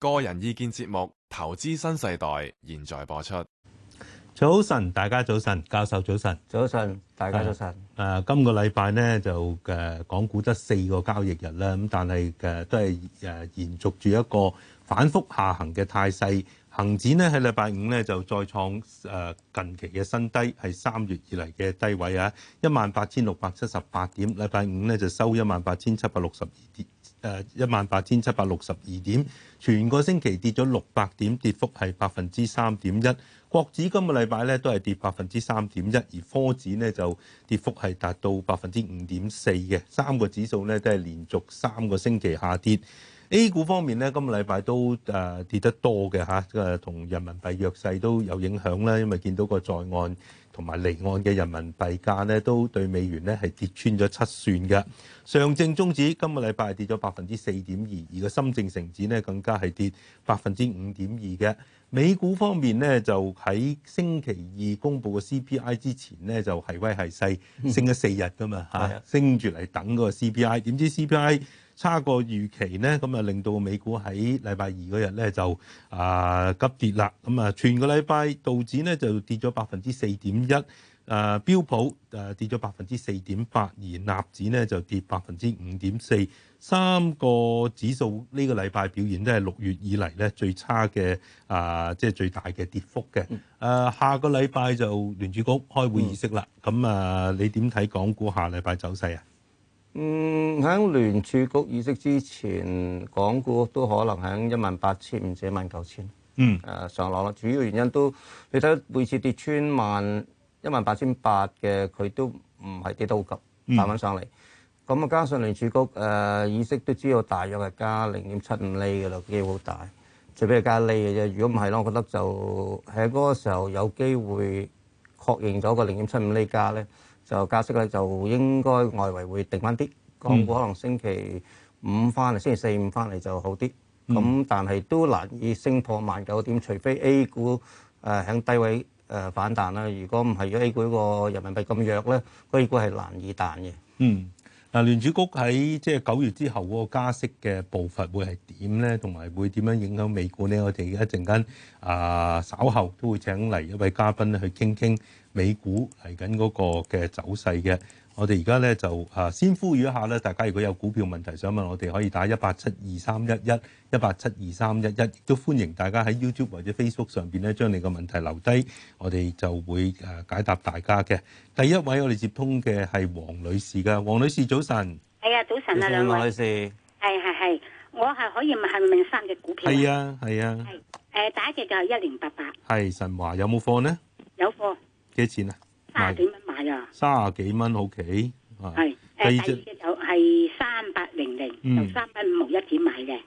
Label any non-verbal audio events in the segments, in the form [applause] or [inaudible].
個人意見節目《投資新世代》現在播出。早晨，大家早晨，教授早晨，早晨，大家早晨。誒、呃呃，今個禮拜呢，就誒港股得四個交易日啦，咁但係誒、呃、都係誒、呃、延續住一個反覆下行嘅態勢。恒指呢，喺禮拜五呢，就再創誒近期嘅新低，係三月以嚟嘅低位啊，一萬八千六百七十八點。禮拜五呢，就收一萬八千七百六十二點。誒一萬八千七百六十二點，全個星期跌咗六百點，跌幅係百分之三點一。國指今個禮拜咧都係跌百分之三點一，而科指呢就跌幅係達到百分之五點四嘅。三個指數呢都係連續三個星期下跌。A 股方面呢，今個禮拜都誒跌得多嘅嚇，誒同人民幣弱勢都有影響啦，因為見到個在岸。同埋離岸嘅人民幣價咧，都對美元咧係跌穿咗七線七算嘅。上證綜指今個禮拜跌咗百分之四點二，而個深證成指咧更加係跌百分之五點二嘅。美股方面咧，就喺星期二公佈個 CPI 之前咧，就係威係勢升咗四日噶嘛嚇，升住嚟等個 CPI，點知 CPI 差過預期呢，咁啊令到美股喺禮拜二嗰日咧就啊急跌啦。咁啊，全個禮拜道指呢就跌咗百分之四點一，誒、啊、標普誒跌咗百分之四點八，而納指呢就跌百分之五點四，三個指數呢個禮拜表現都係六月以嚟咧最差嘅啊，即係最大嘅跌幅嘅。誒、啊、下個禮拜就聯儲局開會議息啦。咁啊、嗯，你點睇港股下禮拜走勢啊？嗯，喺聯儲局議息之前，港股都可能喺一萬八千，至一萬九千。嗯，誒、呃、上落啦，主要原因都你睇每次跌穿萬一萬八千八嘅，佢都唔係跌到好急，彈翻上嚟。咁啊、嗯，加上聯儲局誒議息都知道，大約係加零點七五厘嘅啦，機會好大，除非係加一厘嘅啫。如果唔係咯，我覺得就喺嗰個時候有機會確認咗個零點七五厘加咧。就加息咧，就應該外圍會定翻啲，港股可能星期五翻嚟，星期四五翻嚟就好啲。咁但係都難以升破萬九點，除非 A 股誒喺低位誒反彈啦。如果唔係，如果 A 股個人民幣咁弱咧，A 股係難以彈嘅。嗯，嗱，聯儲局喺即係九月之後嗰個加息嘅步伐會係點咧？同埋會點樣影響美股咧？我哋一陣間啊稍後都會請嚟一位嘉賓咧去傾傾。美股嚟緊嗰個嘅走勢嘅，我哋而家咧就啊先呼籲一下咧，大家如果有股票問題想問我哋，可以打一八七二三一一一八七二三一一，亦都歡迎大家喺 YouTube 或者 Facebook 上邊咧將你個問題留低，我哋就會誒解答大家嘅。第一位我哋接通嘅係黃女士噶，黃女士早晨，係啊，早晨啊，兩、啊、位，女士，係係係，我係可以問問三嘅股票，係啊係啊，係誒、啊，第一隻就係一零八八，係神華有冇貨呢？有貨。幾多錢啊？卅幾蚊買啊！卅幾蚊好企。係，第二隻就係三八零零，由三蚊五毫一點買嘅。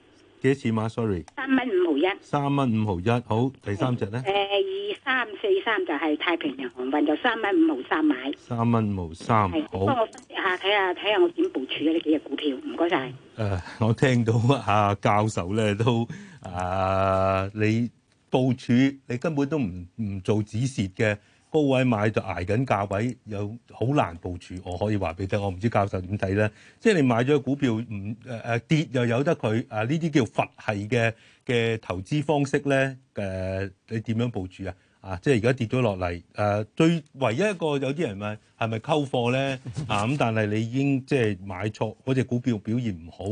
幾多錢買？Sorry。三蚊五毫一。三蚊五毫一，好。第三隻咧？誒，二三四三就係太平洋航運，就三蚊五毫三買。三蚊五毫三，好。幫我分析下，睇下睇下我點部署嘅呢幾隻股票？唔該晒。誒，我聽到阿教授咧都啊，你部署你根本都唔唔做止蝕嘅。高位買就捱緊價位，又好難部署。我可以話俾你聽，我唔知教授點睇咧。即係你買咗股票唔誒誒跌，又有得佢啊呢啲叫佛系嘅嘅投資方式咧。誒、呃、你點樣部署啊？啊，即係而家跌咗落嚟誒，最唯一一個有啲人問係咪溝貨咧啊咁，但係你已經即係買錯嗰隻股票表現唔好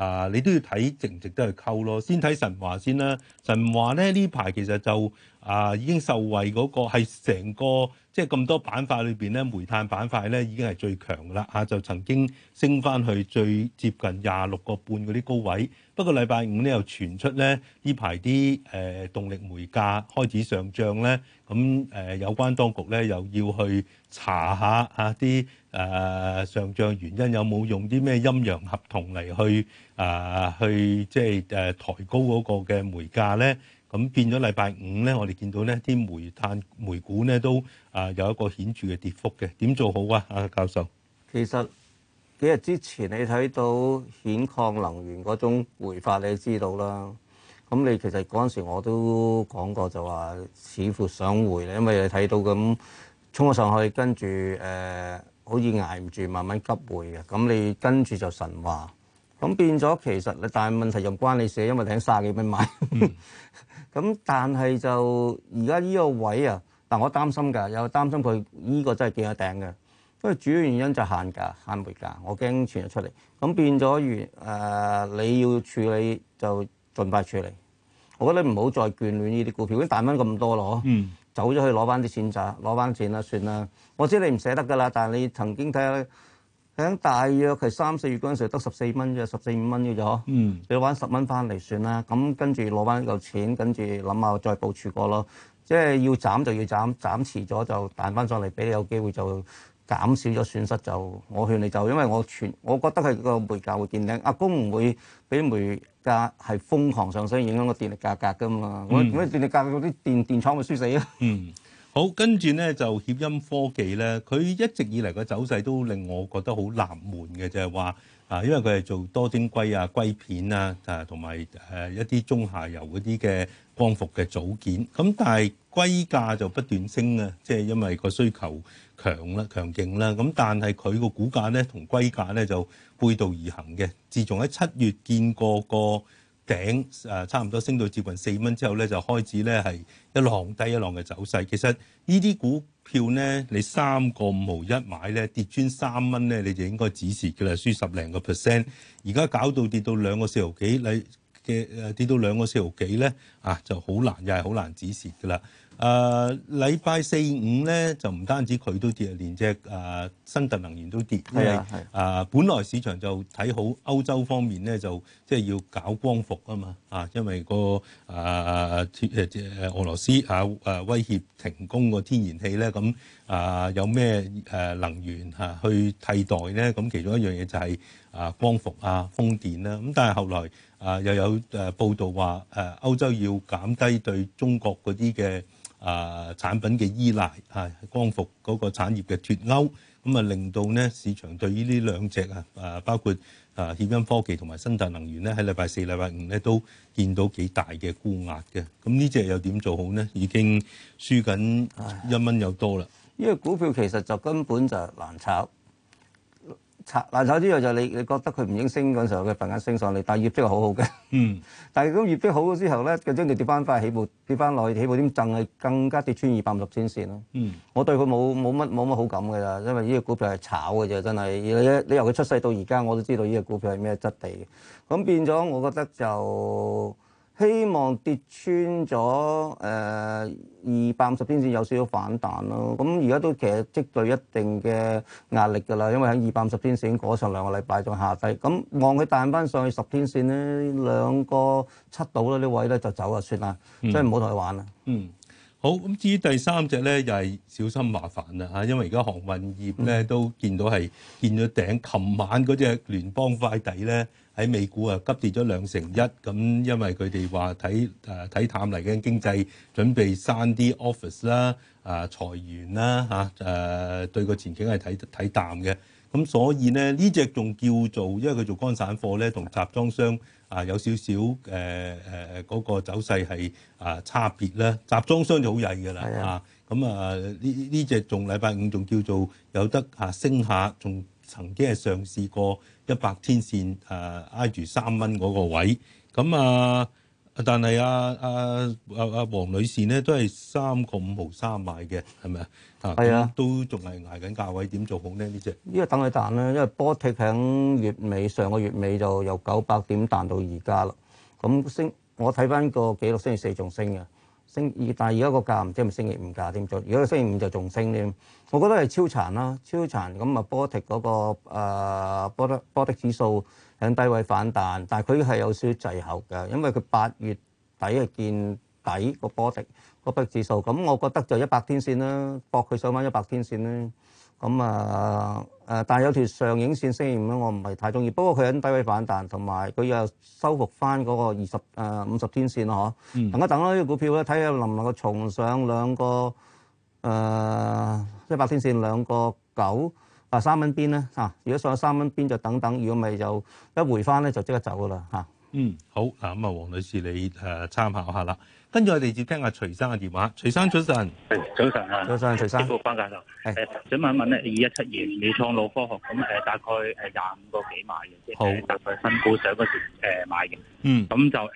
啊，你都要睇值唔值得去溝咯。先睇神話先啦，神話咧呢排其實就。啊！已經受惠嗰個係成個即係咁多板塊裏邊咧，煤炭板塊咧已經係最強嘅啦嚇，就曾經升翻去最接近廿六個半嗰啲高位。不過禮拜五咧又傳出咧，呢排啲誒動力煤價開始上漲咧，咁誒有關當局咧又要去查下嚇啲誒上漲原因，有冇用啲咩陰陽合同嚟去啊去即係誒抬高嗰個嘅煤價咧？咁變咗禮拜五咧，我哋見到咧啲煤炭、煤股咧都啊有一個顯著嘅跌幅嘅。點做好啊，阿教授？其實幾日之前你睇到顯礦能源嗰種回發，你知道啦。咁你其實嗰陣時我都講過就，就話似乎想回，因為你睇到咁衝咗上去，跟住誒、呃、好似捱唔住，慢慢急回嘅。咁你跟住就神話。咁變咗其實，但係問題又唔關你事，因為你喺卅幾蚊買。嗯。咁但係就而家呢個位啊，但我擔心㗎，又擔心佢呢個真係幾有頂嘅，因為主要原因就限價限回價，我驚全日出嚟，咁變咗如誒你要處理就盡快處理，我覺得你唔好再眷戀呢啲股票，因為大蚊咁多咯，嗯、走咗去攞翻啲錢咋，攞翻錢啦算啦，我知你唔捨得㗎啦，但係你曾經睇下。響大約係三四月嗰陣時候得，得十四蚊嘅，十四五蚊嘅啫嗯。你玩十蚊翻嚟算啦，咁跟住攞翻嚿錢，跟住諗下再部署過咯。即係要斬就要斬，斬遲咗就彈翻上嚟，俾你有機會就減少咗損失就。就我勸你就，因為我全，我覺得係個煤價會見頂。阿公唔會俾煤價係瘋狂上升，影響個電力價格噶嘛。嗯、我點解電力價格嗰啲電電,電廠會輸死啊？嗯好，跟住咧就協音科技咧，佢一直以嚟個走勢都令我覺得好冷門嘅，就係話啊，因為佢係做多晶硅啊、硅片啊，啊同埋誒一啲中下游嗰啲嘅光伏嘅組件。咁但係硅價就不斷升啊，即、就、係、是、因為個需求強啦、強勁啦。咁但係佢個股價咧同硅價咧就背道而行嘅，自從喺七月見過、那個。頂誒差唔多升到接近四蚊之後咧，就開始咧係一浪低一浪嘅走勢。其實呢啲股票咧，你三個五毫一買咧，跌穿三蚊咧，你就應該止蝕嘅啦，輸十零個 percent。而家搞到跌到兩個四毫幾，你嘅誒跌到兩個四毫幾咧啊，就好難又係好難止蝕嘅啦。誒禮拜四五咧就唔單止佢都跌，連隻誒。呃新特能源都跌，因為啊，啊，本來市場就睇好歐洲方面咧，就即係要搞光伏啊嘛，啊，因為個啊誒俄羅斯啊誒威脅停工個天然氣咧，咁啊有咩誒能源啊去替代咧？咁其中一樣嘢就係啊光伏啊風電啦，咁但係後來啊又有誒報道話誒歐洲要減低對中國嗰啲嘅啊！產品嘅依賴啊、哎，光伏嗰個產業嘅脫歐，咁啊令到咧市場對於呢兩隻啊啊包括啊協鑫科技同埋新特能源咧喺禮拜四、禮拜五咧都見到幾大嘅沽壓嘅。咁呢隻又點做好咧？已經輸緊一蚊又多啦。呢個、哎、股票其實就根本就難炒。炒難炒之嘢就係你，你覺得佢唔應升嗰陣時候，佢突然間升上嚟，但係業績係好好嘅。嗯，但係咁業績好咗之後咧，就將你跌翻翻起步，跌翻落去起步點，震係更加跌穿二百六十線咯。嗯，我對佢冇冇乜冇乜好感㗎啦，因為呢隻股票係炒㗎啫，真係你你由佢出世到而家，我都知道呢隻股票係咩質地嘅。咁變咗，我覺得就。希望跌穿咗誒二百五十天線有少少反彈咯，咁而家都其實積累一定嘅壓力㗎啦，因為喺二百五十天線已經過上兩個禮拜仲下低，咁望佢彈翻上去十天線咧，兩個七度啦呢位咧就走啊算啦，所以唔好同佢玩啦。嗯好，咁至於第三隻咧，又係小心麻煩啦嚇，因為而家航運業咧都見到係見咗頂。琴晚嗰隻聯邦快遞咧喺美股啊，急跌咗兩成一，咁因為佢哋話睇誒睇淡嚟緊經濟，準備生啲 office 啦，啊裁員啦嚇，誒對個前景係睇睇淡嘅。咁所以咧呢隻仲叫做，因為佢做乾散貨咧同集裝箱。啊，有少少誒誒誒嗰個走勢係啊、呃、差別啦，集裝箱就好曳㗎啦嚇，咁的啊呢呢隻仲禮拜五仲叫做有得嚇升下，仲曾經係上試過一百天線誒、呃、挨住三蚊嗰個位，咁、嗯嗯、啊。但係阿阿阿阿黃女士咧，都係三個五毫三買嘅，係咪啊？係啊，都仲係捱緊價位，點做好呢呢只呢個等佢彈啦，因為波踢響月尾，上個月尾就由九百點彈到而家啦。咁升，我睇翻個記錄，星期四仲升嘅，升。星但係而家個價唔知係咪星期五價添？如果星期五就仲升添，我覺得係超殘啦，超殘。咁啊、那個，波踢嗰個波波踢指數。喺低位反彈，但係佢係有少少滯後嘅，因為佢八月底係見底個波幅個不指數。咁我覺得就一百天線啦，博佢上翻一百天線咧。咁啊誒，但係有條上影線星期五，我唔係太中意。不過佢喺低位反彈，同埋佢又收復翻嗰個二十誒五十天線咯，嗬。嗯、等一等啦，呢啲股票咧，睇下能唔能夠重上兩個誒一百天線兩個九。三啊三蚊邊咧嚇，如果上有三蚊邊就等等，如果咪就一回翻咧就即刻走噶啦嚇！啊、嗯，好嗱咁啊，黃女士你誒參考下啦。跟住我哋接聽下徐生嘅電話。徐生早晨，早晨啊，早晨徐生。你好，班教授。誒想、哎、問一問咧，二一七年美創腦科學咁誒大概誒廿五個幾買嘅？好，就佢新高股上嗰時誒買嘅。啊、嗯，咁就誒誒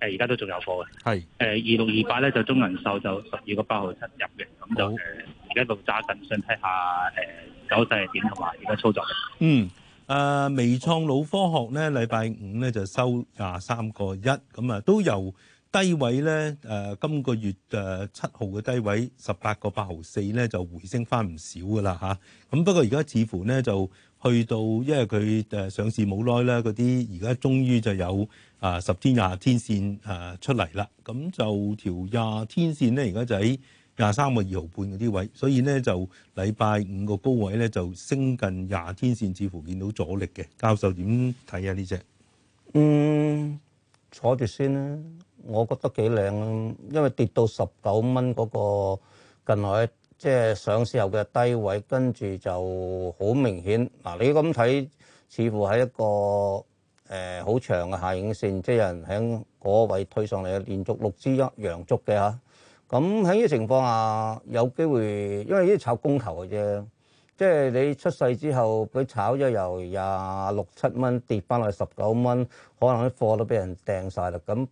而家都仲有貨嘅。係誒是二六二八咧就中人壽就十二個八號出入嘅，咁就誒。好嗯而家度揸緊想睇下誒走勢係點同埋而家操作。嗯，誒、啊、微創腦科學咧，禮拜五咧就收廿三個一，咁啊都由低位咧誒、啊、今個月誒七號嘅低位十八個八毫四咧就回升返唔少噶啦吓，咁、啊、不過而家似乎咧就去到，因為佢誒上市冇耐咧，嗰啲而家終於就有啊十天廿天線誒出嚟啦。咁就條廿天線咧，而家就喺、是。廿三個二毫半嗰啲位，所以咧就禮拜五個高位咧就升近廿天線，似乎見到阻力嘅。教授點睇啊？呢隻嗯，坐住先啦。我覺得幾靚啊，因為跌到十九蚊嗰個近來即係、就是、上市後嘅低位，跟住就好明顯。嗱，你咁睇似乎係一個誒好、呃、長嘅下影線，即係有人喺嗰位推上嚟，連續六支一陽燭嘅嚇。咁喺呢啲情況下有機會，因為呢啲炒公頭嘅啫，即係你出世之後，佢炒咗由廿六七蚊跌翻落去十九蚊，可能啲貨都俾人掟晒啦。咁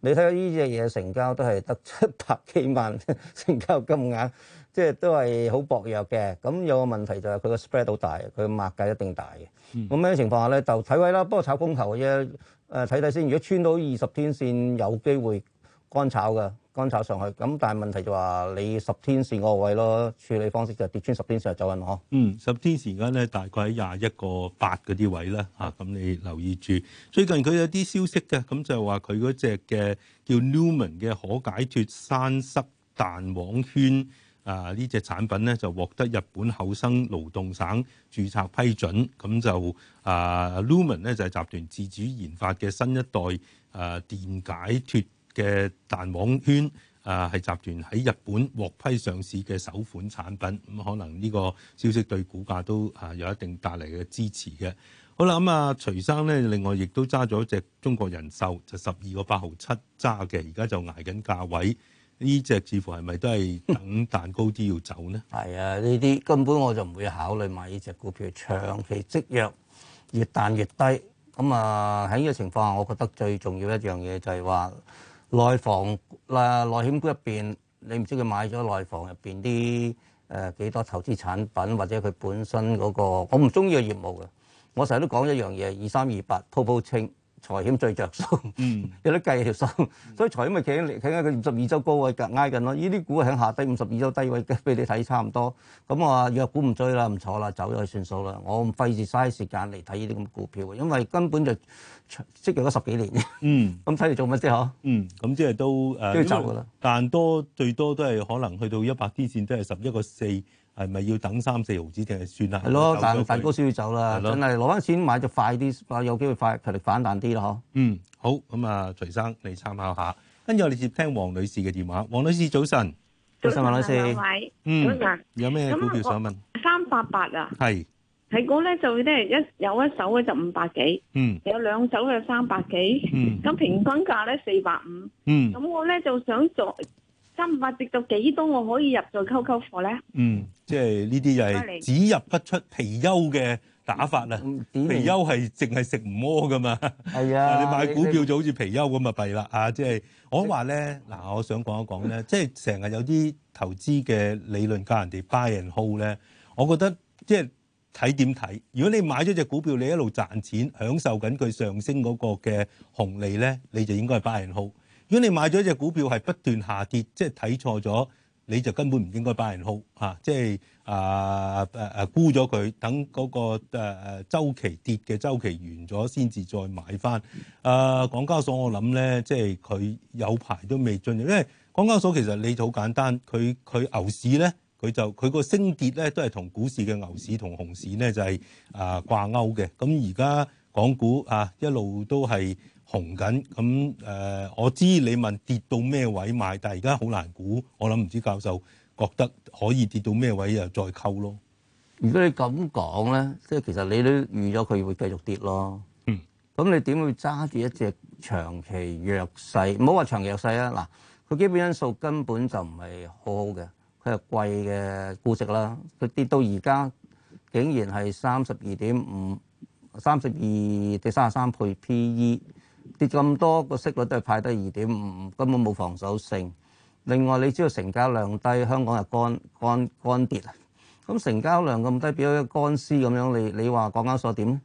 你睇下呢隻嘢成交都係得七百幾萬 [laughs] 成交金額，即係都係好薄弱嘅。咁有個問題就係佢個 spread 好大，佢嘅擘價一定大嘅。咁咩、嗯、情況下咧就睇位啦，不過炒公頭嘅啫。誒睇睇先，如果穿到二十天線有機會。乾炒嘅乾炒上去咁，但係問題就話你十天線個位咯，處理方式就跌穿十天線就走人嗬。嗯，十天線而家咧大概喺廿一個八嗰啲位啦嚇，咁、嗯、你留意住。最近佢有啲消息嘅，咁就話佢嗰隻嘅叫 Lumen 嘅可解脫栓塞彈簧圈啊，呢、呃、隻產品咧就獲得日本厚生勞動省註冊批准，咁就啊、呃、Lumen 咧就係集團自主研發嘅新一代啊、呃、電解脫。嘅彈簧圈啊，係集團喺日本獲批上市嘅首款產品，咁、嗯、可能呢個消息對股價都啊有一定帶嚟嘅支持嘅。好啦，咁啊，徐生咧，另外亦都揸咗隻中國人壽，就十二個八毫七揸嘅，而家就挨緊價位。呢隻似乎係咪都係等彈高啲要走呢？係 [laughs] 啊，呢啲根本我就唔會考慮買呢隻股票，長期積弱，越彈越低。咁啊，喺呢個情況下，我覺得最重要一樣嘢就係話。內房啦、呃，內險股入邊，你唔知佢買咗內房入邊啲誒幾多投資產品，或者佢本身嗰、那個，我唔中意嘅業務嘅，我成日都講一樣嘢，二三二八鋪鋪清。財險最著數，嗯、有得計條數，嗯、所以財險咪企喺嚟，企喺佢五十二周高位隔挨緊咯。呢啲股喺下低五十二周低位，俾你睇差唔多。咁我話弱股唔追啦，唔坐啦，走咗去算數啦。我唔費事嘥時間嚟睇呢啲咁嘅股票，因為根本就積弱咗十幾年。嗯，咁睇嚟做乜啫？嗬、嗯。嗯，咁即係都都、呃、要走噶啦。但多最多都係可能去到一百天線都係十一個四。係咪要等三四毫子定係算啦？係咯的，但係高少少要走啦，的真係攞翻錢買就快啲，有機會快佢力反彈啲咯嗬。嗯，好，咁、嗯、啊，徐生你參考下。跟住我哋接聽黃女士嘅電話。黃女士早晨，早晨黃女士，嗯、早晨安。有咩股票想問？三百八啊。係。係我咧就咧一有一手咧就五百幾。嗯。有兩手嘅三百幾。咁平均價咧四百五。嗯。咁我咧就想再。嗯嗯三百跌到幾多我可以入做溝溝貨咧？嗯，即係呢啲就係只入不出貔貅嘅打法啦。貔貅係淨係食唔屙噶嘛？係啊、哎呀， [laughs] 你買股票就好似貔貅咁咪弊啦啊！即係我話咧，嗱，我想講一講咧，即係成日有啲投資嘅理論教人哋 buy and hold 咧，我覺得即係睇點睇。如果你買咗隻股票，你一路賺錢，享受緊佢上升嗰個嘅紅利咧，你就應該係 buy and hold。如果你買咗隻股票係不斷下跌，即係睇錯咗，你就根本唔應該擺人鋪嚇、啊啊啊那個啊啊，即係啊誒誒沽咗佢，等嗰個誒誒週期跌嘅周期完咗，先至再買翻。誒港交所我諗咧，即係佢有排都未進入。因為港交所其實你好簡單，佢佢牛市咧，佢就佢個升跌咧都係同股市嘅牛市同熊市咧就係、是、啊掛鈎嘅。咁而家港股啊一路都係。紅緊咁誒、嗯，我知你問跌到咩位買，但係而家好難估。我諗唔知教授覺得可以跌到咩位又再溝咯。如果你咁講咧，即係其實你都預咗佢會繼續跌咯。嗯，咁你點會揸住一隻長期弱勢？唔好話長期弱勢啊！嗱，佢基本因素根本就唔係好好嘅，佢係貴嘅估值啦。佢跌到而家竟然係三十二點五、三十二定三十三倍 PE。跌咁多個息率都係派低二點五，根本冇防守性。另外你知道成交量低，香港又乾乾乾跌啊！咁成交量咁低，變咗乾屍咁樣，你你話港交所點？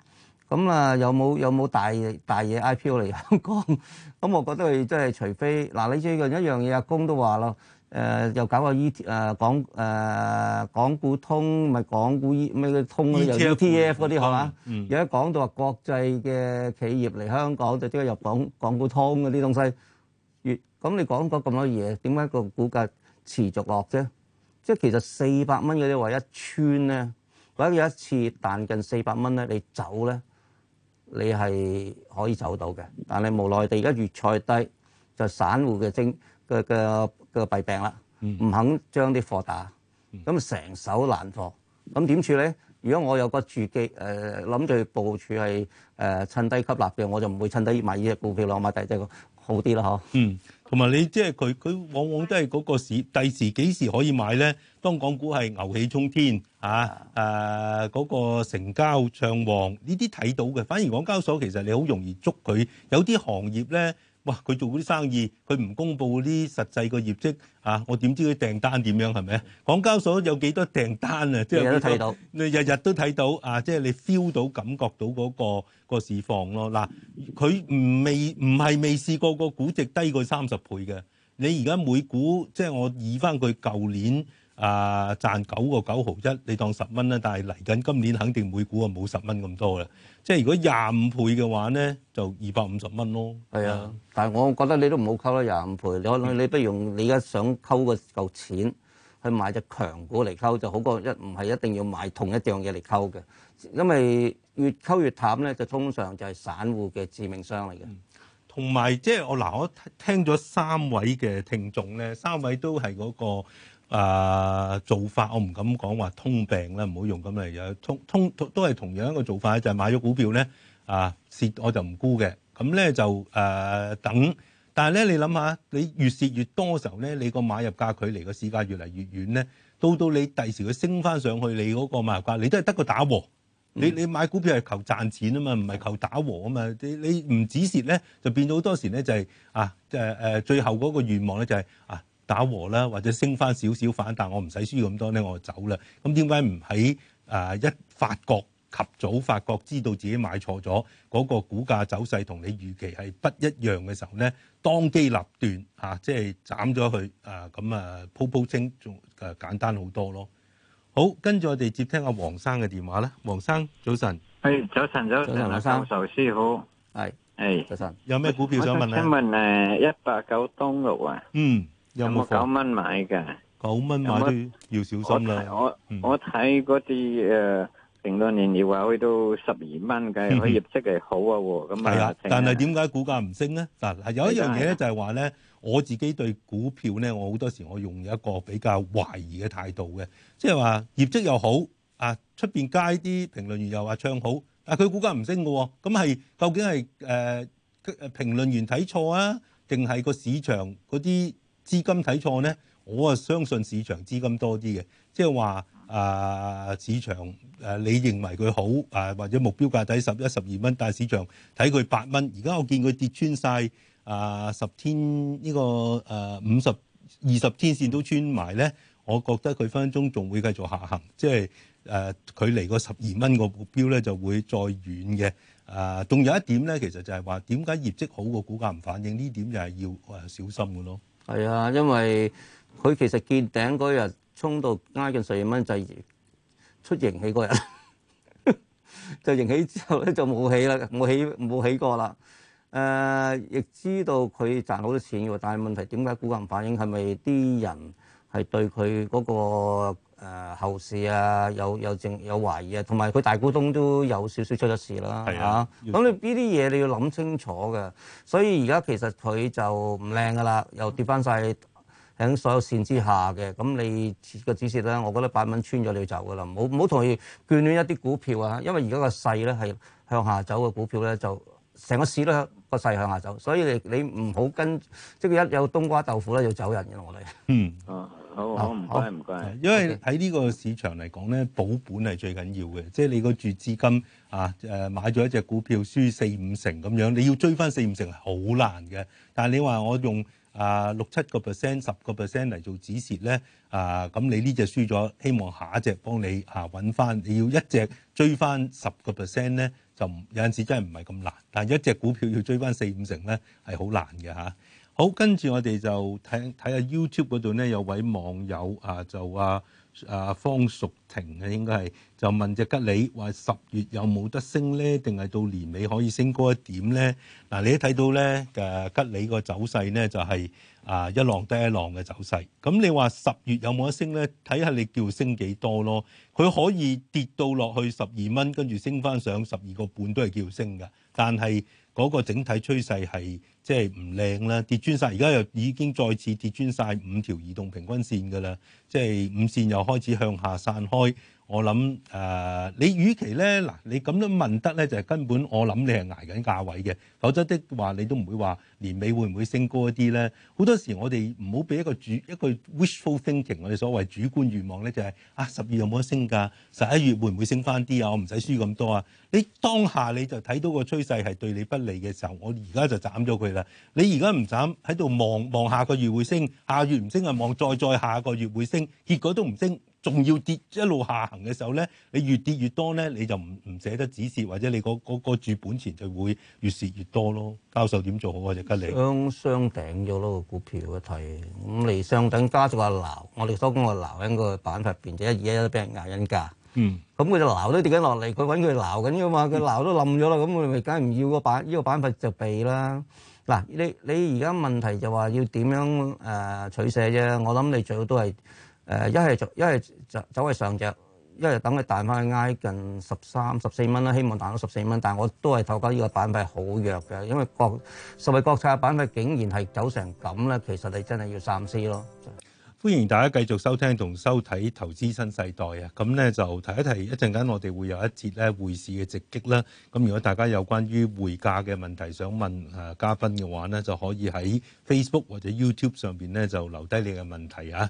咁啊有冇有冇大大嘢 IPO 嚟香港？咁 [laughs] 我覺得佢即係除非嗱、啊，你最近一樣嘢阿公都話咯。誒又搞個醫誒廣誒港股通，咪港股醫咩嘅通嗰啲又 ETF 嗰啲係嘛？而家講到話國際嘅企業嚟香港就即刻入港港股通嗰啲東西，越咁你講咗咁多嘢，點解個股價持續落啫？即係其實四百蚊嗰啲話一穿咧，或者有一次彈近四百蚊咧，你走咧，你係可以走到嘅。但係無奈地而家粵菜低就散戶嘅精嘅嘅。個弊病啦，唔、嗯、肯將啲貨打，咁成、嗯、手爛貨，咁點處理？如果我有個住機，誒諗住部署係誒、呃、趁低吸納嘅，我就唔會趁低買呢隻股票攞買第即個好啲咯，嗬。嗯，同埋你即係佢，佢往往都係嗰個市時，第時幾時可以買咧？當港股係牛氣沖天啊！誒、啊、嗰、嗰個成交暢旺呢啲睇到嘅，反而港交所其實你好容易捉佢，有啲行業咧。哇！佢做嗰啲生意，佢唔公布啲實際個業績嚇、啊，我點知佢訂單點樣係咪啊？港交所有幾多訂單啊？即係都睇到，你日日都睇到啊！即係你 feel 到感覺到嗰、嗰個、個市況咯。嗱、啊，佢唔未唔係未試過個估值低過三十倍嘅。你而家每股即係我以翻佢舊年。啊賺九個九毫一，你當十蚊啦。但係嚟緊今年肯定每股啊冇十蚊咁多啦。即係如果廿五倍嘅話咧，就二百五十蚊咯。係啊，嗯、但係我覺得你都唔好溝啦。廿五倍，你可能你不如用你而家想溝個嚿錢去買隻強股嚟溝就好過一，唔係一定要買同一樣嘢嚟溝嘅。因為越溝越淡咧，就通常就係散戶嘅致命傷嚟嘅。同埋、嗯、即係我嗱，我聽咗三位嘅聽眾咧，三位都係嗰、那個。啊，做法我唔敢講話通病啦，唔好用咁嚟嘅，通通，通都係同樣一個做法，就係買咗股票咧，啊蝕我就唔沽嘅，咁咧就誒，啊，等。但係咧，你諗下，你越蝕越多嘅時候咧，你個買入價距離個市價越嚟越遠咧，到到你第時佢升翻上去，你嗰個買入價，你都係得個打和。你你買股票係求賺錢啊嘛，唔係求打和啊嘛。你你唔止蝕咧，就變咗好多時咧就係啊誒誒，最後嗰個願望咧就係啊。打和啦，或者升翻少少反彈，但我唔使輸咁多咧，我就走啦。咁點解唔喺啊一發覺及早發覺知道自己買錯咗，嗰個股價走勢同你預期係不一樣嘅時候咧，當機立斷啊，即係斬咗佢啊，咁啊鋪鋪清，仲、啊、簡單好多咯。好，跟住我哋接聽阿黃生嘅電話咧。黃生，早晨。誒，早晨，早晨，阿晨晨生壽司好。係是，誒是，早晨。有咩股票想問咧？我想問誒，一八九東六啊。啊嗯。有冇九蚊買㗎九蚊買都要小心啦。我我睇嗰啲誒評論員又話去到十二蚊嘅，佢業績係好啊。喎咁啊，但係點解股價唔升咧？嗱，有一樣嘢咧，就係話咧，我自己對股票咧，我好多時我用一個比較懷疑嘅態度嘅，即係話業績又好啊，出面街啲評論員又話唱好，但係佢股價唔升嘅，咁係究竟係誒評論員睇錯啊，定係個市場嗰啲？資金睇錯咧，我啊相信市場資金多啲嘅，即係話啊市場誒、啊，你認為佢好誒、啊，或者目標價底十一十二蚊，但係市場睇佢八蚊。而家我見佢跌穿晒啊十天呢、呢個誒五十二十天線都穿埋咧，我覺得佢分分鐘仲會繼續下行，即係誒距離個十二蚊個目標咧就會再遠嘅。啊，仲有一點咧，其實就係話點解業績好個股價唔反應？呢點就係要誒、啊、小心嘅咯。係啊，因為佢其實見頂嗰日衝到挨近十二蚊就出盈喜嗰日， [laughs] 就盈喜之後咧就冇起啦，冇起冇起過啦。誒、呃，亦知道佢賺好多錢喎，但係問題點解股價唔反應？係咪啲人係對佢嗰、那個？誒後市啊，又又正有懷疑啊，同埋佢大股東都有少少出咗事啦嚇。咁你呢啲嘢你要諗清楚嘅。所以而家其實佢就唔靚噶啦，又跌翻晒，喺所有線之下嘅。咁你個指示咧，我覺得八蚊穿咗你就走噶啦。唔好同佢眷戀一啲股票啊，因為而家個勢咧係向下走嘅股票咧就成個市咧個勢向下走。所以你你唔好跟，即係一有冬瓜豆腐咧要走人嘅我哋。嗯。好，唔該唔該。好，因為喺呢個市場嚟講咧，保本係最緊要嘅。即係你個注資金啊，誒買咗一隻股票，輸四五成咁樣，你要追翻四五成係好難嘅。但係你話我用啊六七個 percent、十個 percent 嚟做止蝕咧啊，咁你呢隻輸咗，希望下一隻幫你啊揾翻。你要一隻追翻十個 percent 咧，就有陣時真係唔係咁難。但係一隻股票要追翻四五成咧，係好難嘅嚇。啊。好，跟住我哋就睇睇下 YouTube 嗰度咧，看看有位網友啊，就啊啊方淑婷啊，應該係就問隻吉利話十月有冇得升咧，定係到年尾可以升高一點咧？嗱、啊，你一睇到咧嘅吉利個走勢咧，就係、是、啊一浪低一浪嘅走勢。咁你話十月有冇得升咧？睇下你叫升幾多咯。佢可以跌到落去十二蚊，跟住升返上十二個半都係叫升㗎，但係。嗰個整體趨勢係即係唔靚啦，跌穿晒。而家又已經再次跌穿晒五條移動平均線㗎啦，即係五線又開始向下散開。我諗誒、呃，你與其咧嗱，你咁樣問得咧，就係、是、根本我諗你係挨緊價位嘅，否則的話你都唔會話年尾會唔會升高一啲咧。好多時我哋唔好俾一個主一個 wishful thinking，我哋所謂主觀願望咧，就係、是、啊十月有冇得升㗎？十一月會唔會升翻啲啊？我唔使輸咁多啊！你當下你就睇到個趨勢係對你不利嘅時候，我而家就斬咗佢啦。你而家唔斬，喺度望望下個月會升，下月唔升啊，望再再下個月會升，結果都唔升。仲要跌一路下行嘅時候咧，你越跌越多咧，你就唔唔捨得止蝕，或者你嗰、嗰、嗰個注本錢就會越蝕越多咯。教授點做好？啊？就吉你雙雙頂咗咯，個股票一睇，咁嚟上等加速個鬧，我哋所講個鬧喺個板入邊，就一而一都俾人壓緊價。嗯，咁佢、啊嗯、就鬧都跌緊落嚟，佢揾佢鬧緊啊嘛，佢鬧都冧咗啦，咁佢咪梗係唔要個板，呢、呢個板塊就避啦。嗱，你你而家問題就話要點樣誒取捨啫？我諗你最好都係。誒一係就一係就走係上隻，一係等佢彈翻去挨近十三十四蚊啦。希望彈到十四蚊，但係我都係投搞呢個板塊好弱嘅，因為,為所謂國產嘅板塊竟然係走成咁咧，其實你真係要三思咯。歡迎大家繼續收聽同收睇《投資新世代》啊！咁咧就提一提，一陣間我哋會有一節咧匯市嘅直擊啦。咁如果大家有關於匯價嘅問題想問誒嘉賓嘅話咧，就可以喺 Facebook 或者 YouTube 上邊咧就留低你嘅問題啊。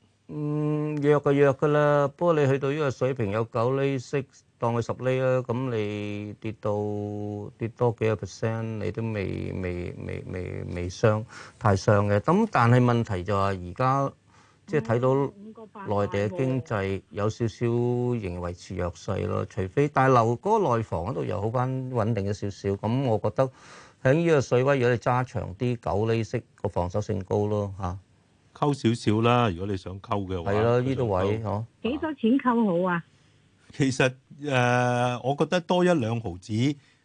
嗯，弱就弱噶啦。不過你去到呢個水平有九厘息，當佢十厘啦。咁你跌到跌多幾個 percent，你都未未未未未傷太傷嘅。咁但係問題就係而家即係睇到內地嘅經濟有少少仍維持弱勢咯。除非大樓嗰個內房嗰度又好返穩定咗少少。咁我覺得喺呢個水位，如果你揸長啲九厘息，個防守性高咯嚇。溝少少啦，如果你想溝嘅話，係咯呢度位嗬，幾多多錢溝好啊？其實誒、呃，我覺得多一兩毫子。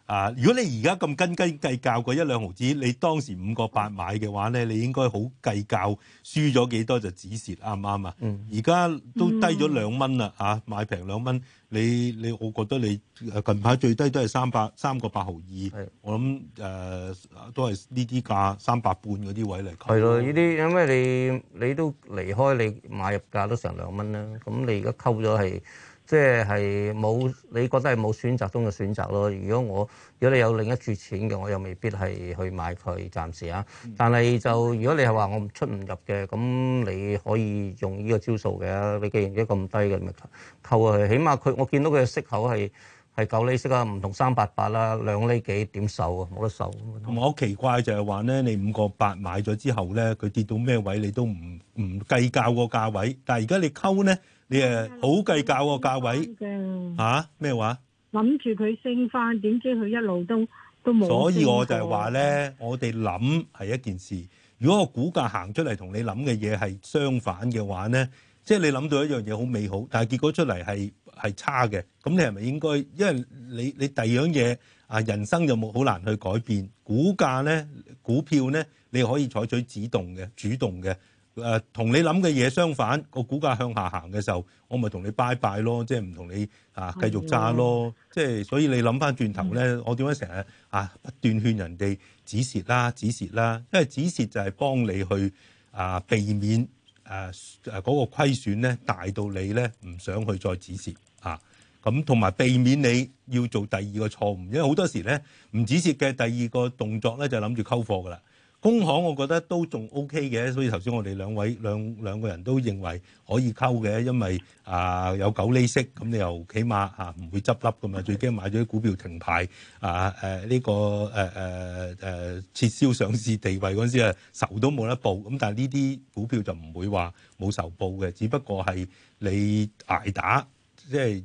啊！如果你而家咁斤斤計較個一兩毫紙，你當時五個八買嘅話咧，你應該好計較，輸咗幾多就止蝕啱唔啱啊？而家都低咗兩蚊啦嚇，買平兩蚊，你你我覺得你近排最低都係三百三個八毫二，係，我諗誒、呃、都係呢啲價三百半嗰啲位嚟。係咯，呢啲因為你你都離開你買入價都成兩蚊啦，咁你而家溝咗係。即係冇，你覺得係冇選擇中嘅選擇咯。如果我如果你有另一處錢嘅，我又未必係去買佢。暫時啊，但係就如果你係話我唔出唔入嘅，咁你可以用呢個招數嘅。你既然一個咁低嘅，咪扣扣啊！起碼佢我見到佢嘅息口係係九厘息啊，唔同三八八啦，兩厘幾點售啊，冇得售。咁我好奇怪就係話咧，你五個八買咗之後咧，佢跌到咩位你都唔唔計較個價位，但係而家你溝咧。你誒好計較個價位，吓咩話？諗住佢升翻，點知佢一路都都冇。所以我就係話咧，嗯、我哋諗係一件事。如果個股價行出嚟，同你諗嘅嘢係相反嘅話咧，即係你諗到一樣嘢好美好，但係結果出嚟係係差嘅，咁你係咪應該？因為你你第二樣嘢啊，人生有冇好難去改變。股價咧，股票咧，你可以採取主動嘅，主動嘅。誒同你諗嘅嘢相反，個股價向下行嘅時候，我咪同你拜拜咯，即係唔同你啊繼續揸咯，即係所以你諗返轉頭咧，嗯、我點解成日啊不斷勸人哋止蝕啦止蝕啦，因為止蝕就係幫你去啊避免誒誒嗰個虧損咧大到你咧唔想去再止蝕啊，咁同埋避免你要做第二個錯誤，因為好多時咧唔止蝕嘅第二個動作咧就諗住溝貨㗎喇。工行我覺得都仲 O K 嘅，所以頭先我哋兩位兩兩個人都認為可以溝嘅，因為啊、呃、有九厘息，咁你又起碼啊唔會執笠噶嘛，最驚買咗啲股票停牌啊誒呢、啊這個誒誒誒撤銷上市地位嗰陣時啊，仇都冇得報。咁但係呢啲股票就唔會話冇仇報嘅，只不過係你挨打，即係誒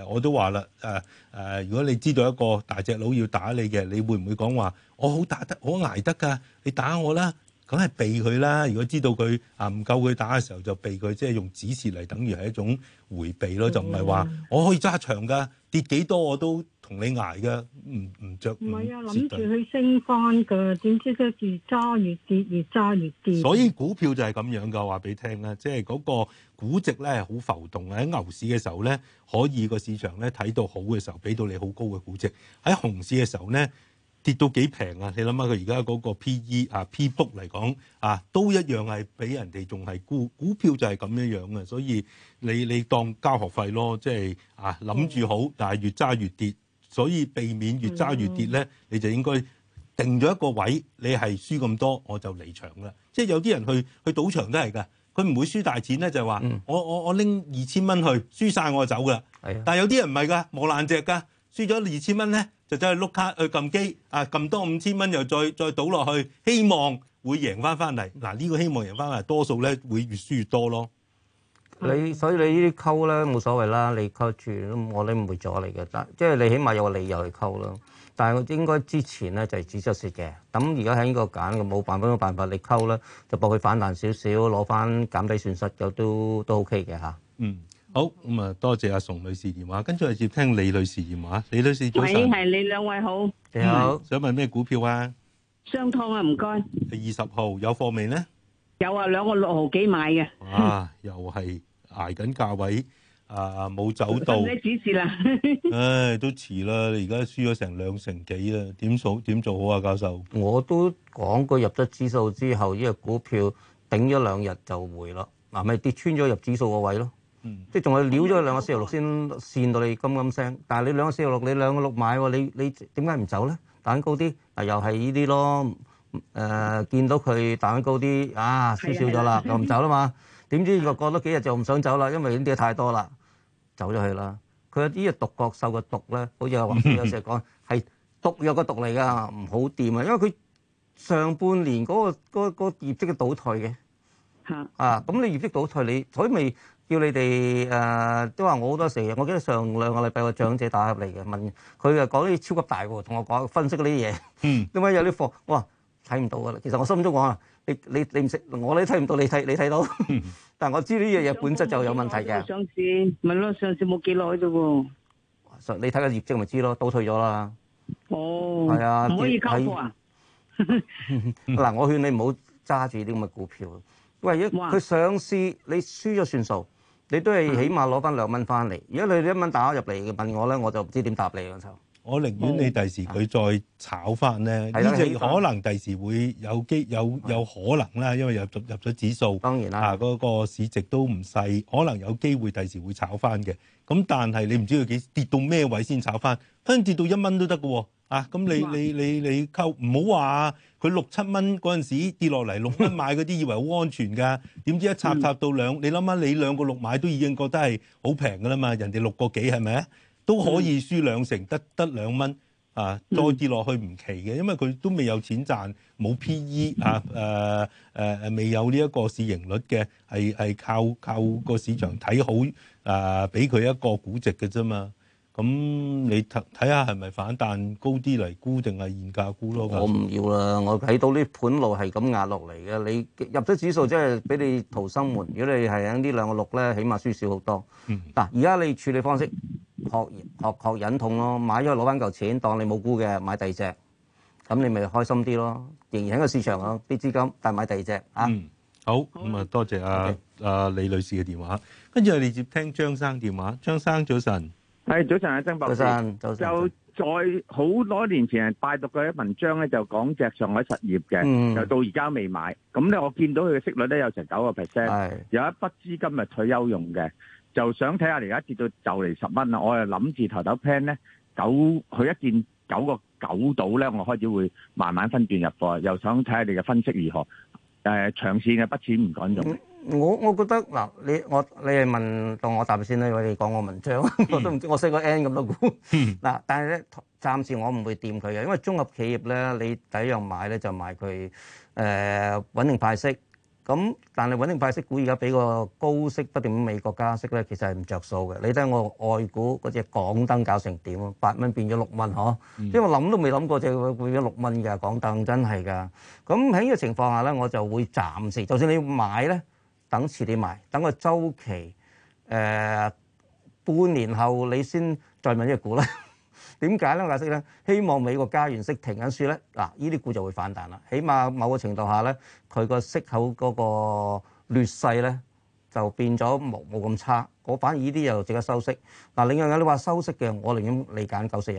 誒，我都話啦誒誒，如果你知道一個大隻佬要打你嘅，你會唔會講話？我、哦、好打得，我挨得噶。你打我啦，梗係避佢啦。如果知道佢啊唔夠佢打嘅時候，就避佢，即係用指示嚟，等於係一種回避咯。的就唔係話我可以揸長噶，跌幾多我都同你挨噶，唔唔著。唔係啊，諗住佢升翻噶，點知佢越揸越跌，越揸越跌。所以股票就係咁樣噶，話俾你聽啦。即係嗰個估值咧，好浮動。喺牛市嘅時候咧，可以個市場咧睇到好嘅時候，俾到你好高嘅估值。喺熊市嘅時候咧。跌到幾平啊？你諗下佢而家嗰個 P/E 啊 P book 嚟講啊，都一樣係比人哋仲係估股票就係咁樣樣嘅，所以你你當交學費咯，即係啊諗住好，但係越揸越跌，所以避免越揸越跌咧，你就應該定咗一個位，你係輸咁多我就離場啦。即係有啲人去去賭場都係㗎，佢唔會輸大錢咧，就係話、嗯、我我我拎二千蚊去輸晒，我就走㗎。嗯、但係有啲人唔係㗎，磨爛只㗎。輸咗二千蚊咧，就走去碌卡去撳機，啊撳多五千蚊又再再倒落去，希望會贏翻翻嚟。嗱呢、這個希望贏翻翻嚟，多數咧會越輸越多咯。你所以你呢啲溝咧冇所謂啦，你溝住我咧唔會阻你嘅，但即係你起碼有個理由去溝啦。但係我應該之前咧就係止蝕嘅。咁而家喺呢個揀，冇辦法冇辦法你溝咧，就搏佢反彈少少，攞翻減低損失，又都都 OK 嘅嚇。啊、嗯。好咁啊！多謝阿宋女士電話，跟住係接聽李女士電話。李女士，喂，係你兩位好。你好，想問咩股票啊？商湯啊，唔該。二十號有貨未咧？有啊，兩個六毫幾買嘅。啊，又係挨緊價位啊！冇走到。你指示啦。唉，都遲啦！你而家輸咗成兩成幾啦，點數點做好啊，教授？我都講過入咗指數之後，呢個股票頂咗兩日就回啦，嗱咪跌穿咗入指數個位咯。即係仲係撩咗兩個四六六先線到你咁咁聲，但係你兩個四六六，你兩個六買喎，你你點解唔走咧？彈高啲啊，的又係呢啲咯，誒見到佢彈高啲啊，輸少咗啦，又唔走啦嘛？點知又過多幾日就唔想走啦，因為呢啲嘢太多啦，走咗去啦。佢有啲嘢獨角獸嘅毒咧，好似黃叔有時講係毒藥個毒嚟㗎，唔好掂啊，因為佢上半年嗰、那個嗰、那個那個業績嘅倒退嘅嚇 [laughs] 啊，咁你業績倒退你，你所以咪。叫你哋誒，都話我好多時，我記得上兩個禮拜個長者打入嚟嘅問，佢又講啲超級大喎，同我講分析嗰啲嘢，點解有啲貨哇睇唔到㗎喇？其實我心中講啊，你你你唔識，我都睇唔到，你睇你睇到，但係我知呢樣嘢本質就有問題嘅。上市咪咯，上市冇幾耐啫喎，你睇下業績咪知咯，倒退咗啦。哦，唔可以購貨啊！嗱，我勸你唔好揸住啲咁嘅股票，喂，如果佢上市，你輸咗算數。你都係起碼攞翻兩蚊翻嚟，如果你一蚊打入嚟問我咧，我就唔知點答你兩我寧願你第時佢再炒翻咧，呢隻的可能第時會有機有有可能啦，因為入入入咗指數，當然啊嗰、嗰個市值都唔細，可能有機會第時會炒翻嘅。咁但係你唔知佢幾跌到咩位先炒翻，分能跌到一蚊都得嘅喎，啊咁你你你你溝唔好話佢六七蚊嗰陣時跌落嚟六蚊買嗰啲以為好安全㗎，點知一插插到兩 [laughs] 你諗下你兩個六買都已經覺得係好平㗎啦嘛，人哋六個幾係咪？都可以輸兩成得得兩蚊啊！再跌落去唔奇嘅，因為佢都未有錢賺，冇 PE 啊，誒誒未有呢一個市盈率嘅，係係靠靠個市場睇好啊，俾佢一個估值嘅啫嘛。咁你睇下係咪反彈高啲嚟沽定係現價沽咯？我唔要啦，我睇到呢盤路係咁壓落嚟嘅，你入咗指數即係俾你逃生門。如果你係喺呢兩個六咧，起碼輸少好多。嗱、嗯，而家你處理方式學學學忍痛咯，買咗攞翻嚿錢當你冇沽嘅，買第二隻，咁你咪開心啲咯。仍然喺個市場啊，啲資金但買第二隻啊。嗯，好咁啊好、嗯，多謝阿啊，Okay. 啊李女士嘅電話，跟住我哋接聽張生電話。張生早晨。係，早晨啊，曾博士。早晨，就在好多年前拜讀過一篇文章咧，就講隻上海實業嘅，就到而家未買。咁咧，我見到佢嘅息率咧有成九個 percent，有一筆資金係退休用嘅，就想睇下而家跌到就嚟十蚊啦。我又諗住頭頭 plan 咧九，佢一見九個九到咧，我開始會慢慢分段入貨，又想睇下你嘅分析如何。誒，長線嘅筆錢唔講用。我我覺得嗱，你我你係問當我答先啦。如果你講我文章，我都唔知我識個 N 咁多股嗱，但係咧暫時我唔會掂佢嘅，因為綜合企業咧，你第一樣買咧就買佢誒穩定派息，咁但係穩定派息股而家俾個高息不斷美國加息咧，其實係唔著數嘅。你睇我外股嗰隻港燈搞成點啊？八蚊變咗六蚊呵，因為我諗都未諗過隻會變咗六蚊㗎，港燈真係㗎。咁喺呢個情況下咧，我就會暫時，就算你要買咧。等遲啲買，等個週期，誒、呃、半年後你先再問呢隻股啦。點解咧？解釋咧，希望美國加完息停緊輸咧，嗱呢啲股就會反彈啦。起碼某個程度下咧，佢個息口嗰個劣勢咧就變咗冇冇咁差。我反而呢啲又值得收息。嗱、啊、另一樣你話收息嘅，我寧願你揀九四一，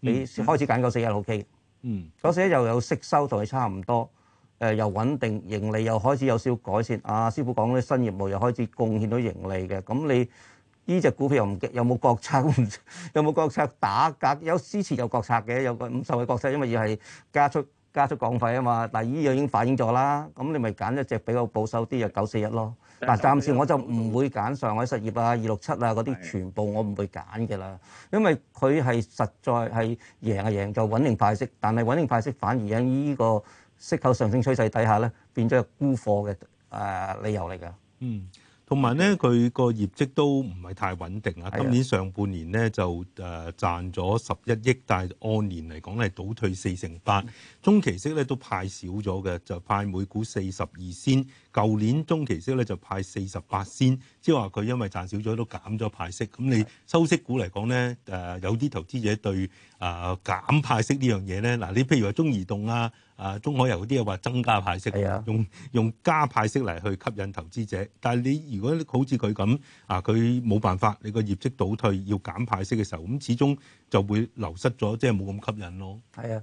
你開始揀九四一係 OK 嘅，九四一又有息收，同你差唔多。誒又穩定，盈利又開始有少少改善。阿、啊、師傅講啲新業務又開始貢獻到盈利嘅，咁你呢隻股票又唔，有冇國策？ [laughs] 有冇國策打格？有支持有國策嘅，有個五十位國策，因為要係加速加速降費啊嘛。但係依樣已經反映咗啦，咁你咪揀一隻比較保守啲嘅九四一、就是、咯。但暫時我就唔會揀上海實業啊、二六七啊嗰啲，全部我唔會揀㗎啦，因為佢係實在係贏係贏，贏，就穩定派息，但係穩定派息反而喺依、這個。息口上升趨勢底下咧，變咗係沽貨嘅誒理由嚟㗎。嗯，同埋咧，佢個業績都唔係太穩定啊。的今年上半年咧就誒、呃、賺咗十一億，但係按年嚟講咧倒退四成八。中期息咧都派少咗嘅，就派每股四十二仙。舊年中期息咧就派四十八仙，即係話佢因為賺少咗都減咗派息。咁你收息股嚟講咧，誒有啲投資者對誒減派息呢樣嘢咧，嗱你譬如話中移動啊、啊中海油嗰啲話增加派息，係啊的，用用加派息嚟去吸引投資者。但係你如果好似佢咁啊，佢冇辦法，你個業績倒退要減派息嘅時候，咁始終就會流失咗，即係冇咁吸引咯。係啊。.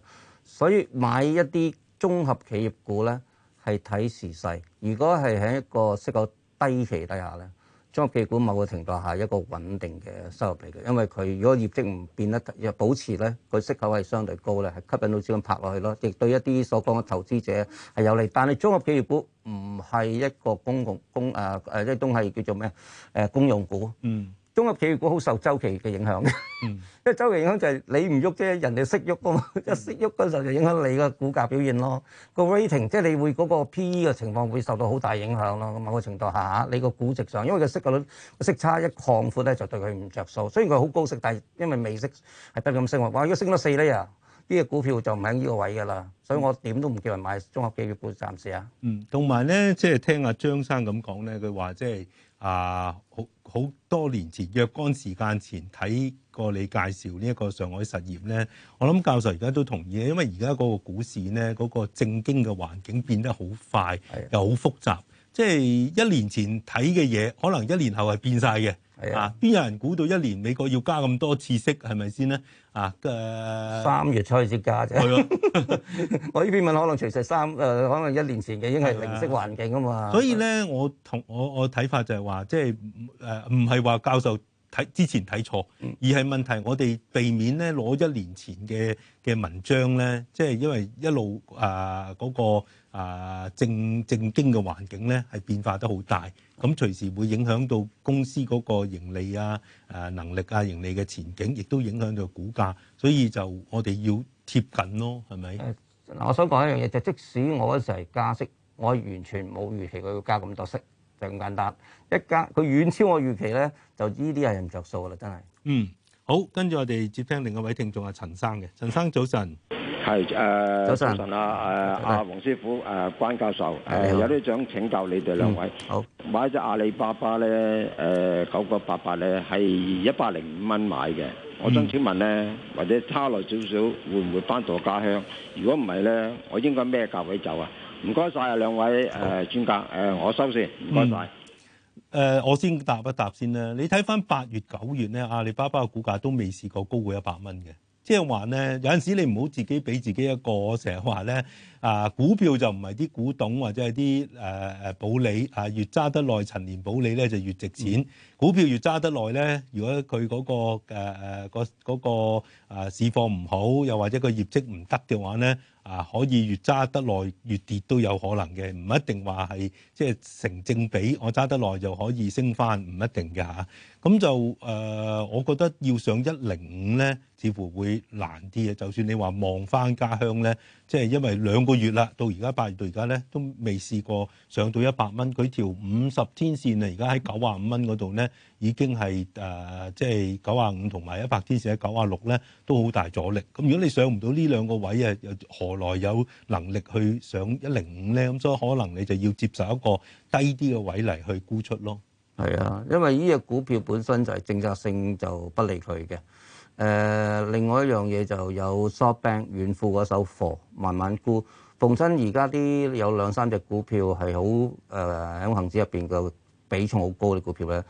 所以買一啲綜合企業股咧，係睇時勢。如果係喺一個息口低期底下咧，綜合企業股某個程度下一個穩定嘅收入嚟嘅，因為佢如果業績唔變得保持咧，佢息口係相對高咧，係吸引到資金拍落去咯。亦對一啲所講嘅投資者係有利，但係綜合企業股唔係一個公共，公誒誒，即、呃、係都係叫做咩誒、呃、公用股嗯。綜合企業股好受週期嘅影響，因為週期影響就係你唔喐啫，人哋識喐啊嘛，一識喐嗰時候就影響你個股價表現咯。個 rating 即係你會嗰個 PE 嘅情況會受到好大影響咯。咁某個程度下，你個估值上，因為佢息率個息差一擴闊咧，就對佢唔著數。雖然佢好高息，但係因為未息係不敢升喎。哇！如果升咗四咧啊，呢啲股票就唔喺呢個位噶啦。所以我點都唔叫人買綜合企業股，暫時啊。嗯，同埋咧，即係聽阿張生咁講咧，佢話即係。啊，好好多年前，若干時間前睇過你介紹呢一個上海實業咧，我諗教授而家都同意，因為而家嗰個股市咧，嗰、嗰個正經嘅環境變得好快，又好複雜。即係一年前睇嘅嘢，可能一年後係變晒嘅。的啊，邊有人估到一年美國要加咁多次息係咪先咧？啊嘅三月初先加啫。 [laughs] [laughs] 我呢邊問，可能其實三誒、呃，可能一年前嘅已經係零息環境啊嘛。的所以咧，我同我我睇法就係話，即係誒，唔係話教授睇之前睇錯，而係問題我哋避免咧攞一年前嘅嘅文章咧，即係因為一路啊嗰個。啊，正正經嘅環境咧，係變化得好大，咁隨時會影響到公司嗰個盈利啊、誒、啊、能力啊、盈利嘅前景，亦都影響到股價，所以就我哋要貼緊咯，係咪？我想講一樣嘢，就即使我嗰時係加息，我完全冇預期佢要加咁多息，就咁簡單。一加佢遠超我預期咧，就呢啲係唔着數噶啦，真係。嗯，好，跟住我哋接聽另一位聽眾啊，陳生嘅，陳生早晨。係，誒，早晨啊，誒，阿黃師傅、誒關教授，誒，有啲想請教你哋兩位，好買隻，嗯，阿里巴巴咧，誒九個八八咧，係一百零五蚊買嘅，我想請問咧或者差落少少會唔會翻到家鄉？如果唔係咧，我應該咩價位走啊？唔該晒啊兩位誒專家誒，我收線先，唔該晒。誒，我先答一答先啦，你睇翻八月九月咧，阿里巴巴嘅股價都未試過高過一百蚊嘅。即係話咧，有陣時你唔好自己俾自己一個成日話咧，啊股票就唔係啲古董或者係啲誒誒保理，啊越揸得耐，陳年保理咧就越值錢。股票越揸得耐咧，如果佢嗰個誒誒個嗰個啊市況唔好，又或者個業績唔得嘅話咧，啊可以越揸得耐越跌都有可能嘅，唔一定話係即係成正比。我揸得耐就可以升翻，唔一定嘅嚇。咁就誒，我覺得要上一零五咧。似乎會難啲啊。就算你話望翻家鄉咧，即係因為兩個月啦，到而家八月到而家咧都未試過上到一百蚊。佢條五十天線啊，而家喺九啊五蚊嗰度咧，已經係誒即係九啊五同埋一百天線喺九啊六咧，都好大阻力。咁如果你上唔到呢兩個位啊，又何來有能力去上一零五咧？咁所以可能你就要接受一個低啲嘅位嚟去沽出咯。係啊，因為呢隻股票本身就係政策性就不利佢嘅。誒、呃，另外一樣嘢就有 short bank 遠庫嗰手貨慢慢沽，逢親而家啲有兩三隻股票係好誒喺恆指入邊嘅比重好高嘅股票咧，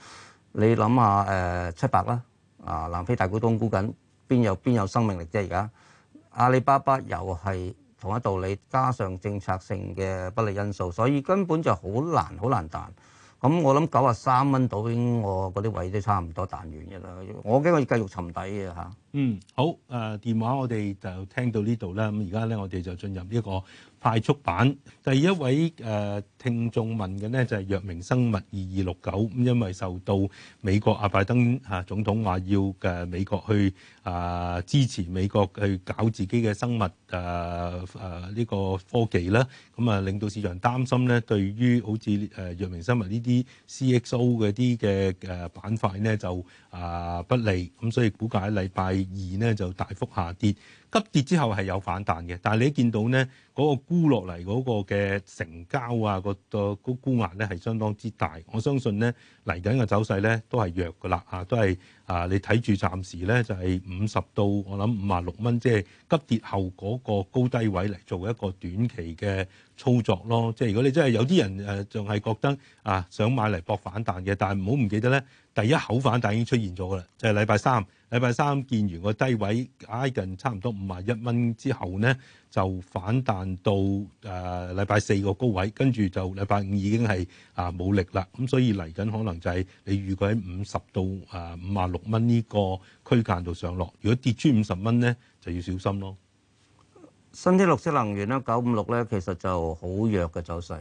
你諗下誒七百啦，呃、700，啊南非大股東沽緊，邊有邊有生命力啫？而家阿里巴巴又係同一道理，加上政策性嘅不利因素，所以根本就好難好難彈。咁我諗九啊三蚊到經我嗰啲位都差唔多彈完嘅啦，我驚要繼續沉底嘅嚇。嗯，好，誒電話我哋就聽到呢度啦，咁而家咧我哋就進入呢個快速版，第一位誒聽眾問嘅呢，就係藥明生物二二六九咁，因為受到美國阿拜登啊總統話要嘅美國去啊支持美國去搞自己嘅生物誒誒呢個科技啦，咁啊令到市場擔心咧，對於好似誒藥明生物呢啲 C X O 嗰啲嘅誒板塊呢，就啊不利咁，所以估計禮拜二呢，就大幅下跌，急跌之後係有反彈嘅，但係你見到呢。嗰個沽落嚟嗰個嘅成交啊，個個嗰沽壓咧係相當之大。我相信咧，嚟緊嘅走勢咧都係弱噶啦啊，都係啊你睇住暫時咧就係五十到我諗五啊六蚊，即係急跌後嗰個高低位嚟做一個短期嘅操作咯。即係如果你真係有啲人誒仲係覺得啊想買嚟搏反彈嘅，但係唔好唔記得咧。第一口反彈已經出現咗噶啦，就係禮拜三，禮拜三見完個低位挨近差唔多五十一蚊之後咧，就反彈到誒禮拜四個高位，跟住就禮拜五已經係啊冇力啦，咁所以嚟緊可能就係你預計五十到誒五十六蚊呢個區間度上落，如果跌穿五十蚊咧，就要小心咯。新天綠色能源咧，九五六咧其實就好弱嘅走勢。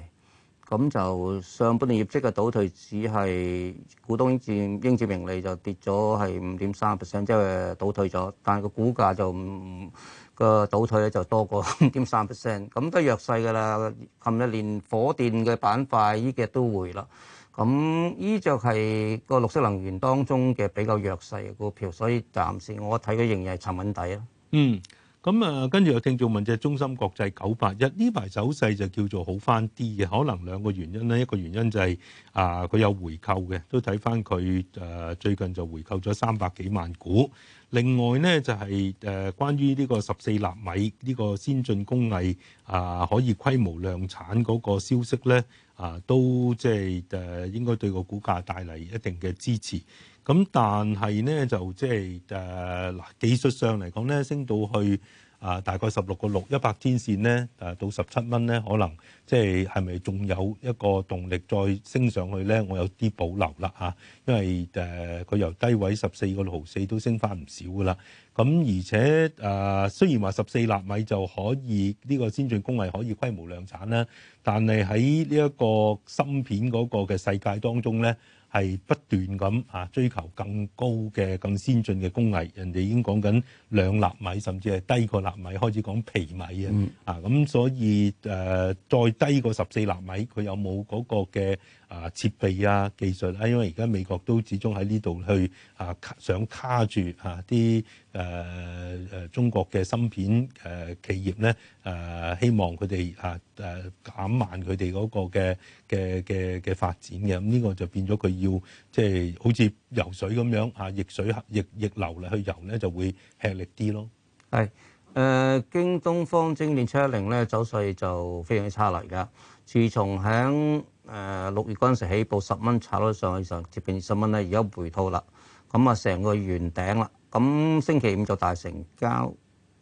咁就上半年業績嘅倒退只係股東佔應佔盈利就跌咗係五點三 percent，即係倒退咗。但係個股價就唔，個倒退咧就多過五點三 percent，咁都弱勢㗎啦。琴日連火電嘅板塊依幾日都回啦。咁依就係個綠色能源當中嘅比較弱勢嘅股票，所以暫時我睇佢仍然係沉穩底啦。嗯。咁啊，跟住有聽眾問，就係中心國際九八一呢排走勢就叫做好翻啲嘅。可能兩個原因咧，一個原因就係啊佢有回購嘅，都睇翻佢誒最近就回購咗三百幾萬股。另外呢，就係誒關於呢個十四納米呢個先進工藝啊可以規模量產嗰個消息呢啊都即係誒應該對個股價帶嚟一定嘅支持。咁但係咧就即係誒嗱技術上嚟講咧升到去啊、呃、大概十六個六一百天線咧到十七蚊咧可能即係係咪仲有一個動力再升上去咧？我有啲保留啦嚇、啊，因為誒佢、呃、由低位十四個六毫四都升翻唔少噶啦。咁而且誒、呃、雖然話十四納米就可以呢、呢個先進工藝可以規模量產啦，但係喺呢一個芯片嗰個嘅世界當中咧。係不斷咁嚇追求更高嘅、更先進嘅工藝，人哋已經講緊兩納米，甚至係低過納米開始講皮米、嗯、啊！啊咁，所以誒、呃、再低過十四納米，佢有冇嗰個嘅？啊，設備啊，技術啦、啊，因為而家美國都始終喺呢度去啊，啊，想卡住啊啲誒誒中國嘅芯片誒企業咧，誒、啊、希望佢哋啊誒、啊啊、減慢佢哋嗰個嘅嘅嘅嘅發展嘅，咁、嗯、呢、這個就變咗佢要即係、就是、好似游水咁樣啊逆、啊、水逆逆流啦去游咧就會吃力啲咯。係。誒、呃、京東方精電七一零咧，走勢就非常之差，而家自從喺誒六月嗰陣時起步十蚊炒咗上去，上接近二十蚊咧，而家回套啦，咁啊成個圓頂啦，咁、嗯、星期五就大成交誒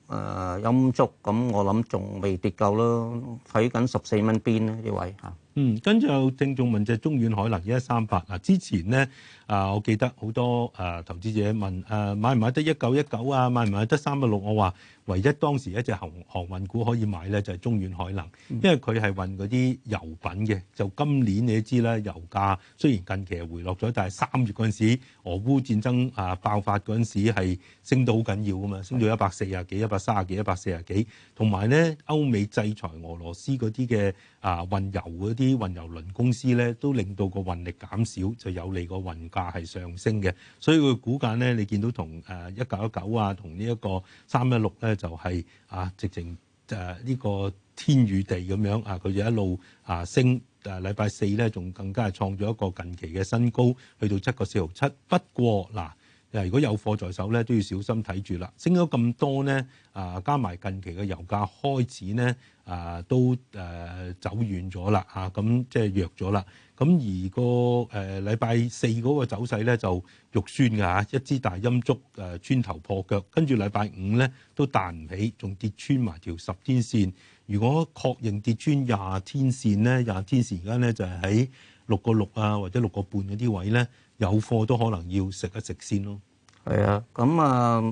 陰、呃、燭，咁、嗯、我諗仲未跌夠咯，睇緊十四蚊邊呢？呢位嚇。嗯嗯，跟住又聽眾問就係中遠海能一一三八。嗱，之前咧啊，我記得好多啊投資者問誒買唔買得一九一九啊，買唔買得三一六？我話唯一當時一隻航航運股可以買咧就係、是、中遠海能，因為佢係運嗰啲油品嘅。就今年你都知啦，油價雖然近期回落咗，但係三月嗰陣時俄烏戰爭啊爆發嗰陣時係升到好緊要噶嘛，升到一百四廿幾、一百三十幾、一百四十幾。同埋咧歐美制裁俄羅斯嗰啲嘅。啊，運油嗰啲運油輪公司咧，都令到個運力減少，就有利個運價係上升嘅。所以佢估計咧，你見到同誒一九一九啊，同呢一個三一六咧，就係、是、啊直情誒呢個天與地咁樣啊，佢就一路啊升。誒禮拜四咧，仲更加係創咗一個近期嘅新高，去到七個四毫七。不過嗱。啊誒如果有貨在手咧，都要小心睇住啦。升咗咁多咧，啊加埋近期嘅油價開始咧，啊都誒走遠咗啦，啊咁即係弱咗啦。咁而個誒禮拜四嗰個走勢咧，就肉酸嘅嚇，一支大陰燭誒穿頭破腳，跟住禮拜五咧都彈唔起，仲跌穿埋條十天線。如果確認跌穿廿天線咧，廿天線而家咧就係喺六個六啊或者六個半嗰啲位咧。有貨都可能要食一食先咯。係啊，咁啊，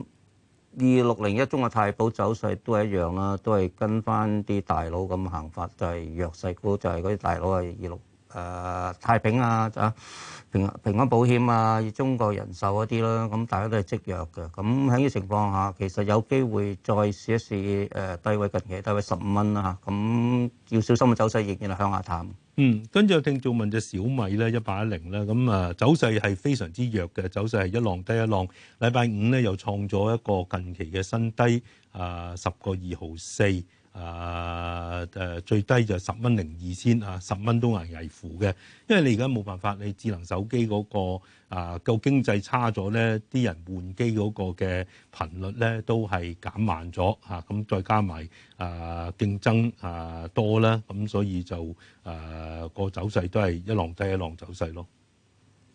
二六零一中國太保走勢都係一樣啦，都係跟翻啲大佬咁行法，就係、是、弱勢股就係嗰啲大佬啊、呃，二六誒太平啊，平平安保險啊，中國人壽嗰啲啦，咁大家都係積弱嘅。咁喺呢情況下，其實有機會再試一試誒、呃、低位近期低位十五蚊啦嚇。咁、啊、要小心嘅走勢仍然係向下探。嗯，跟住有聽眾問隻小米咧，一八一零咧，咁啊走勢係非常之弱嘅，走勢係一浪低一浪，禮拜五咧又創咗一個近期嘅新低，啊十個二毫四。誒誒、啊、最低就十蚊零二先啊，十蚊都危危乎嘅，因為你而家冇辦法，你智能手機嗰、那個啊夠經濟差咗咧，啲人換機嗰個嘅頻率咧都係減慢咗嚇，咁、啊、再加埋誒競爭啊多啦，咁、啊、所以就誒個、啊、走勢都係一浪低一浪走勢咯。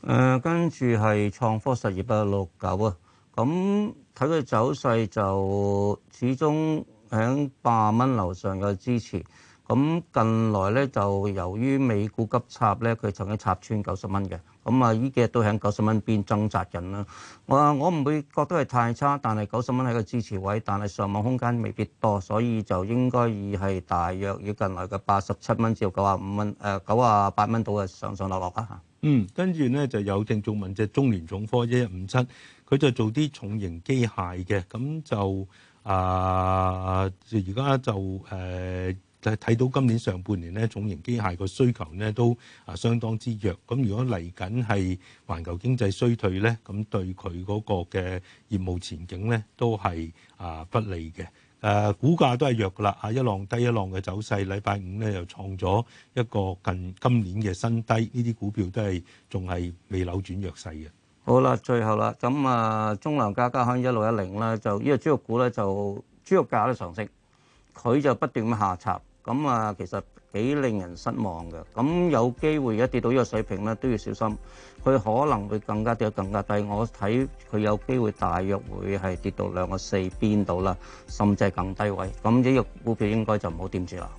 誒、呃、跟住係創科實業六六九啊，咁睇佢走勢就始終，喺八啊蚊樓上嘅支持，咁近來咧就由於美股急插咧，佢曾經插穿九十蚊嘅。咁啊呢幾日都喺九十蚊邊掙扎緊啦。我我唔會覺得係太差，但係九十蚊喺個支持位，但係上網空間未必多，所以就應該係大約要近來嘅八十七蚊至到九啊五蚊，誒九啊八蚊到嘅上上落落啦。嗯，跟住咧就有聽眾問隻中聯重科一一五七，佢就做啲重型機械嘅，咁就。啊！而家、uh, 就誒睇、uh, 到今年上半年咧，重型機械個需求咧都啊相當之弱。咁如果嚟緊係環球經濟衰退咧，咁對佢嗰個嘅業務前景咧都係啊不利嘅。誒、uh，股價都係弱噶啦，一浪低一浪嘅走勢。禮拜五咧又創咗一個近今年嘅新低。呢啲股票都係仲係未扭轉弱勢嘅。好啦，最後啦，咁啊，中糧家佳康一六一零咧，就、這、呢個豬肉股咧，就豬肉價咧上升，佢就不斷咁下插，咁啊，其實幾令人失望嘅。咁有機會一跌到呢個水平咧，都要小心，佢可能會更加跌更加低。我睇佢有機會大約會係跌到兩個四邊度啦，甚至係更低位。咁呢個股票應該就唔好掂住啦。